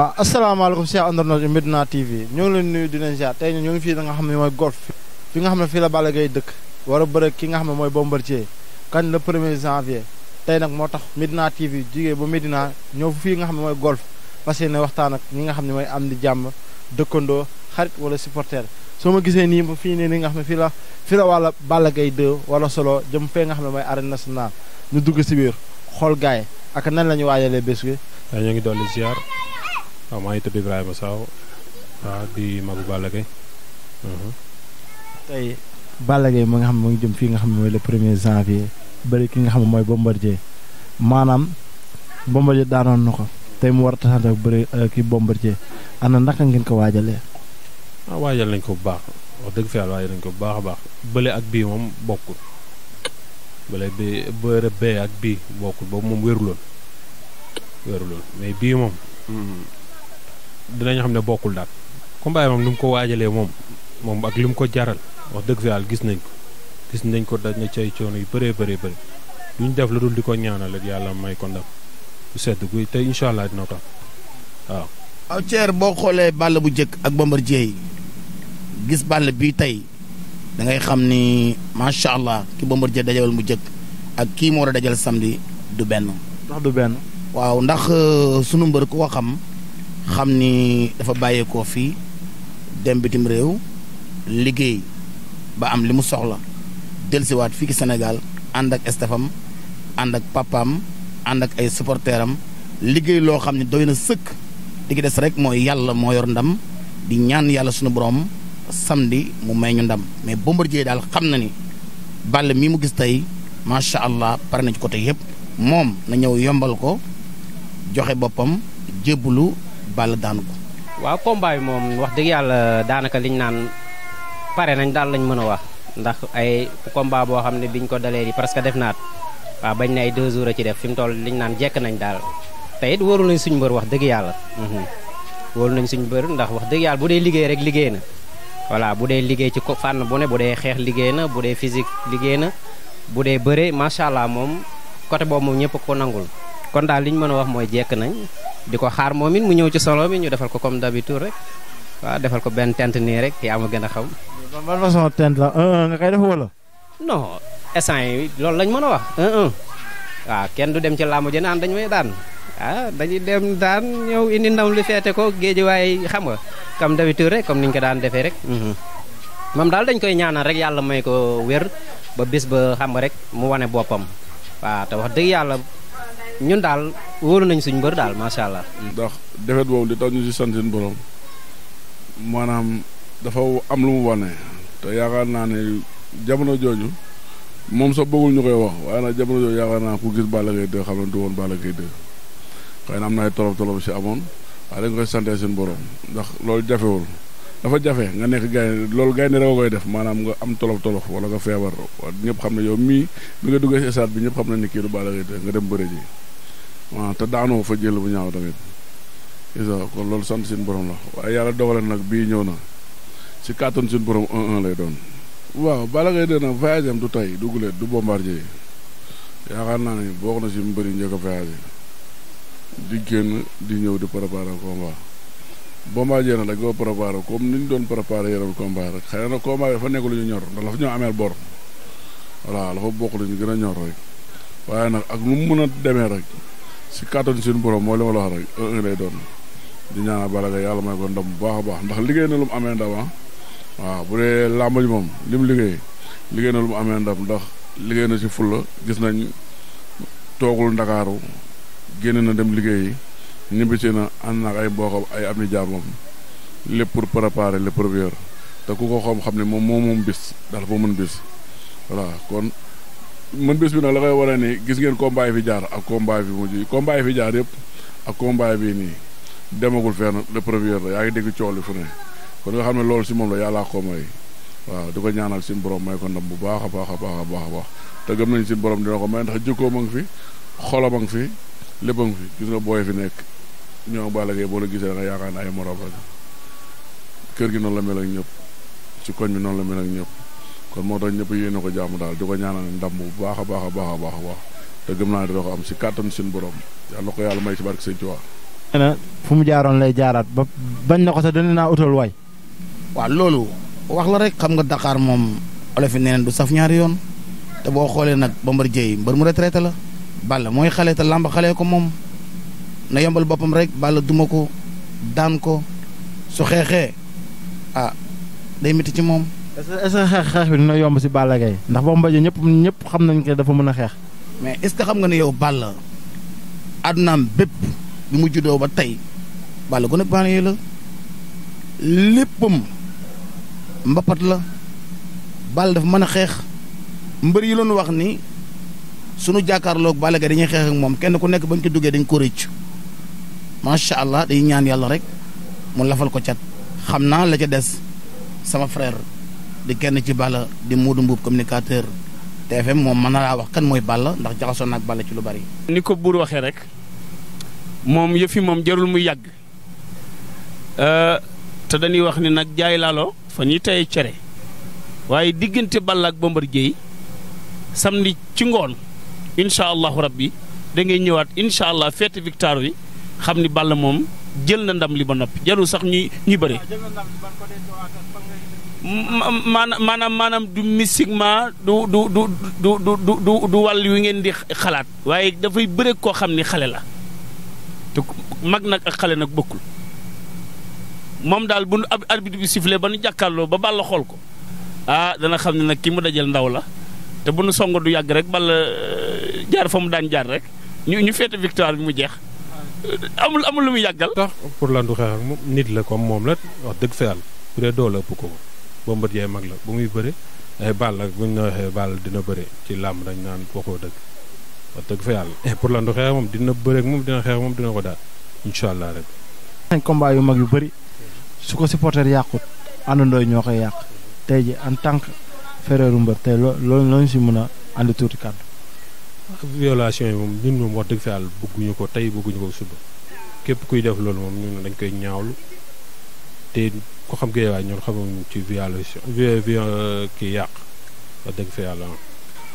waa asalaamaaleykum si àndandoo Medina TV ñoo ngi leen nuyu di leen tey ñu ngi fii da nga xam ne mooy golf fi nga xam ne fii la Balla dëkk war a ki nga xam ne mooy Bombardier kan le premier janvier tey nag moo tax Medina TV jugee ba Medina ñëw fii nga xam ne mooy golf parce que ne waxtaan ak ñi nga xam ne mooy am di jàmm dëkkandoo xarit wala supporter soo ma gisee nii fii ne ni nga xam ne fii la fii la wàlla Balla Gaye wala solo jëm fee nga xam ne mooy arène nationale ñu dugg si biir xool gaay ak nan la ñu waajalee bés bi. ñoo ngi dolli ziar. waaw maa ngi tudd Ibrahima Sow waaw di magu Balla Gaye mhm. tey nga xam ne ngi jëm fii nga xam ne mooy le premier janvier bëri ki nga xam ne mooy Bombardier maanaam Bombardier daanoon na ko tey mu war a tasante ak bëri euh, ki Bombardier ana naka ngeen ko waajale ah waajal nañ ko bu baax wax dëgg fi yàlla waajal nañ ko bu baax a baax bële ak bii moom bokkul bële bi bëre bee ak bii bokkul boobu moom wéruloon wéruloon mais bii moom mhm. dinañ xam ne bokkul daal combat moom ni mu ko waajalee moom moom ak li mu ko jaral wax dëgg fi yàlla gis nañ ko gis nañ ko daj na cay coono yu bëree bëree bëri lu ñu def lu di ko ñaanal ak yàlla may ko ndam bu sedd guy te incha allah dina tax waaw. aw ceer boo xoolee bàll bu njëkk ak Bombardier yi gis bàll bi tey dangay xam ni macha ki ki Bombardier dajal mu njëkk ak kii moo war dajal samedi du benn. ndax du benn. waaw ndax euh, sunu mbër ku ko xam. xam ni dafa bàyyeekoo fii dem bitim réew liggéey ba am li mu soxla dellusiwaat fii ci Sénégal ànd ak estafam ànd ak papaam ànd ak ay supporteram liggéey loo xam ne doy na sëkk di ki des rek mooy yàlla moo yor ndam di ñaan yàlla sunu borom samedi mu may ñu ndam mais Bombardier daal xam na ni Balla mi mu gis tey macha allah pare na ci côté yëpp moom na ñëw yombal ko joxe boppam jébbalu. Balla daanu ko. waaw combat bi moom wax dëgg yàlla daanaka liñ naan pare nañ daal lañ mën a wax ndax ay combat boo xam ne biñ ko dalee di presque def naat waaw bañ ne ay deux jours a ci def fi mu toll liñ naan jekk nañ daal te it wóorul nañ suñu mbër wax dëgg yàlla. Mhm. wóorul nañ suñu mbër ndax wax dëgg yàlla bu dee liggéey rek liggéey na voilà bu dee liggéey ci fànn bu ne bu dee xeex liggéey na bu dee physique liggéey na bu dee bëre macha allah moom côté boobu ñëpp ko nangul kon daal di ko xaar moom it mu ñëw ci solo mi ñu defal ko comme d'habitude rek waaw defal ko benn tent nii rek yaa ma gën a xam. ban ban façon tent la nga koy def wala. non instant loolu lañ mën a wax. waaw kenn du dem ci làmb ji naan dañu daan ah dañuy dem daan ñëw indi ndam li feete ko géej waaye xam nga comme d'habitude rek comme niñ ko daan defee rek. Mhm. moom daal dañ koy ñaanal rek yàlla may ko wér ba bés ba xam rek mu wane boppam waaw te wax dëgg yàlla. ñun daal wóolu nañ suñu mbër daal macha allah. ndax defet boobu di tax ñu si sant seen borom maanaam dafa am lu mu wane te yaakaar naa ne jamono jooju moom sax bëggul ñu koy wax waaye nag jamono jooju yaakaar naa ku gis Balla Gaye 2 xam ne du woon baala Gaye 2 xëy na am na ay tolof tolof si amoon waaye dañ koy sante seen borom ndax loolu jafewul dafa jafe nga nekk gaynde loolu gaynde rek koy def maanaam nga am tolof tolof wala nga feebar ñëpp xam ne yow mii bi nga duggee si bi ñëpp xam ne ni kii du Balla Gaye dem bëre ji waaw te daanoo fa jël bu ñaaw tamit isa kon loolu sant suñu borom la waaye yàlla dogale nag bii ñëw na si kàttan suñu borom lay doon. waaw Balla Gaye 2 nag voyage du tay du Goulet du Bombardier yaakaar naa ne bokk na si mbër yi njëkk a di génn di ñëw di préparer combat Bombardier nag dañ koo préparer comme ni ñu doon préparer yeneen combat rek xëy na combat yi fa nekk lu ñu ñor ndax dafa ñoo ameel bor voilà dafa bokk lu ñu gën a ñor rek waaye nag ak nu mën a si kàttan suñu borom mooy li ma la wax rek un un lay doon di ñaanal Balla Gaye yàlla may ko ndam bu baax a baax ndax liggéey na lu mu amee ndam ah. waaw bu dee làmb ji moom li mu liggéey liggéey na lu mu amee ndam ndax liggéey na si fulla gis nañ toogul ndakaaru génn na dem liggéeyi ñibbisi na ànd ay mbokkam ay ami jaamam lépp pour préparer le premier te ku ko xam xam ne moom moo moom bis daal fa mën bis voilà kon. man bés bi nag la koy war a gis ngeen combat yi fi jaar ak combat yi fi mujj combat yi fi jaar yëpp ak combat bi nii demagul fenn le premier la yaa ngi dégg coow li fu ne kon nga xam ne loolu si moom la yàllaa koo may waaw di ko ñaanal suñu borom may ko ndam bu baax a baax a baax a baax a baax te gëm nañ si borom dina ko may ndax jikkoom a ngi fi xolam a ngi fi lépp a ngi fi gis nga booy fi nekk ñoo Balla Gaye boo la gisee da nga yaakaar ne ay morom la kër gi noonu la mel ñëpp ci koñ bi noonu la mel ak ñëpp. kon moo tax ñëpp yéene ko jàmm daal di ko ñaanal ndam bu baax a baax a baax a baax a te gëm naa ne dina ko am si kàttan suñu borom yàlla na ko yàlla may si barke sëñ Tuubaa. fu mu jaaroon lay jaaraat ba bañ na ko sax dana naa utal waay. waaw loolu wax la rek xam nga daqaar moom olof yi nee du saf ñaari yoon te boo xoolee nag Bombardier mbër mu retraité la. Balla mooy xale te làmb xale ko moom na yombal boppam rek Balla duma ko daan ko su xeexee ah day ci moom. est-ce que xeex xeex bi dina yomb si Balla Gaye ndax boobu mbaje ñëpp ñëpp xam nañ ko dafa mën a xeex. mais est-ce que xam nga ne yow Balla àddunaam bépp bi mu juddoo ba tey Balla gën a banlieue la léppam mbapat la Balla dafa mën a xeex mbër yi loonu wax ni sunu jàkkaarloog Balla Gaye dañuy xeexak moom kenn ku nekk bañ ci duggee dañ ko rëcc macha allah day ñaan yàlla rek mu lafal ko cat xam naa la ca des sama frère. di kenn ci Balla di Modou Mbuub communicateur TFM moom mën na laa wax kan mooy Balla ndax jaxasoo nag Balla ci lu bari. ni ko buur waxee rek moom yëfi moom jarul muy yàgg euh, te dañuy wax ni nag jaay laalo fa ñuy teye cere waaye diggante Balla ak Bombardier samedi ci ngoon incha allahu rabbi bi ngay ñëwaat incha allah fête victoire bi xam ni Balla moom jël na ndam li ba noppi jarul sax ñuy ñuy bëri. maanaam maanaam maanaam du mystiquement du du du du du du du wàll yu ngeen di xalaat. waaye dafay bëre koo xam ni xale la te mag nag ak xale nag bokkul moom daal bu nu ab arbitre bi sifflé ba nu jàkkaarloo ba balla xool ko ah dana xam ne nag ki mu dajal ndaw la te bu nu songo du yàgg rek balla euh, jaar fa mu daan jaar rek ñu ñu féete victoire bi mu jeex. Euh, amul amul lu muy yàggal. tax pour lan du xeex ak moom nit la comme moom la wax dëgg fa yàlla bu dee doo la ëpp ko. Bombardier mag la bu muy bëre ay eh, Balla buñ la waxee Balla dina bëre ci làmb dañ naan waxoo dëgg wax dëgg fa yàlla eh, pour lan xeex moom dina bëre moom dina xeex moom dina ko daal incha allah rek. nañ combat yu mag yu bëri su ko supporter yàqut àndandoo ñoo koy yàq tey ji en tant que fereeru mbër tey loo loolu lañ si mën a ànd tuuti kàddu. violation yi moom ñun moom wax dëgg fa yàlla bëgguñu ko tey bëgguñu ko suba képp kuy def loolu moom ñun dañ koy ñaawlu. te ku xam géejawaay ñun xamuñ ci violation viol kii yàq wax dëgg fa yàlla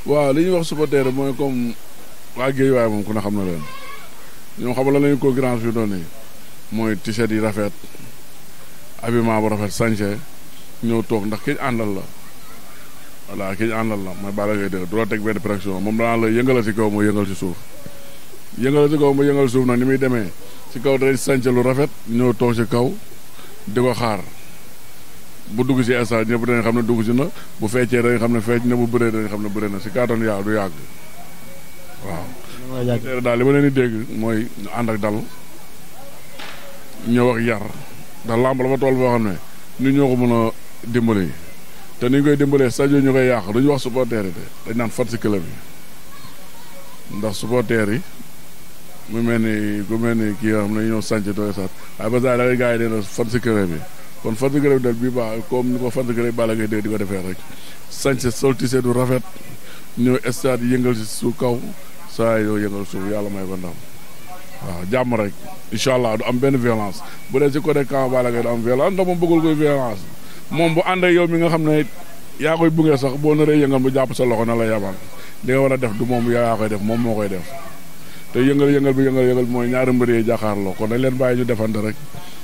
waaw li ñuy wax supporter mooy comme waa géejawaay moom ku ne xam na leen ñoom xam la lañu ko grand fi doon mooy t-shirt yi rafet habillement bu rafet sañse ñëw toog ndax kiñ àndal la voilà kiñ àndal la mooy Balla Gaye dé du la teg benn pression moom danaa la yëngalal si kaw mooy yëngal ci suuf yëngala ci kaw mooy yëngal suuf nag ni muy demee ci kaw day sañse lu rafet ñëw toog ci kaw di ko xaar bu dugg si stade ñëpp dañ xam ne dugg si na bu feccee dañ xam ne fecc na bu bëree dañ xam ne bëree na si kaatoon yaa du yàgg waaw daal li ma leen di dégg mooy ànd ak dal ñëw ak yar ndax làmb la tool foo xam ne ñu ñoo ko mën a dimbali te nu ñu koy dimbalee sadio ñu koy yàq duñu wax supporter yi de dañ naan fat si club yi ndax supporter yi mu mel ni ku mel ni kii yoo xam ne ñoo sànc doole sax waaye ba saa da ngay gars yi dina fan si këram bi kon fan si këram dal bii baax comme ni ko fan si këram Balla Gaye dee di ko defee rek sànc sol tise du rafet ñëw stade yëngal si su kaw saa yoo yëngal suuf yàlla may ko ndam jàmm rek incha allah du am benn violence bu dee si côté camp Balla Gaye du am violence ndax moom bëggul koy violence moom bu àndee yow mi nga xam ne yaa koy bungee sax boo naree yëngal bu jàpp sa loxo na la yabal li nga def moom yaa def moom moo koy def te yëngal yëngal bi yëngal yëngal bi mooy ñaari mbër yi jàkkaarloo kon a leen bàyyi ñu defante rek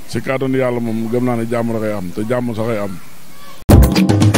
si kàttanu yàlla moom gëm naa ne jàmm la koy am te jàmm sax koy am.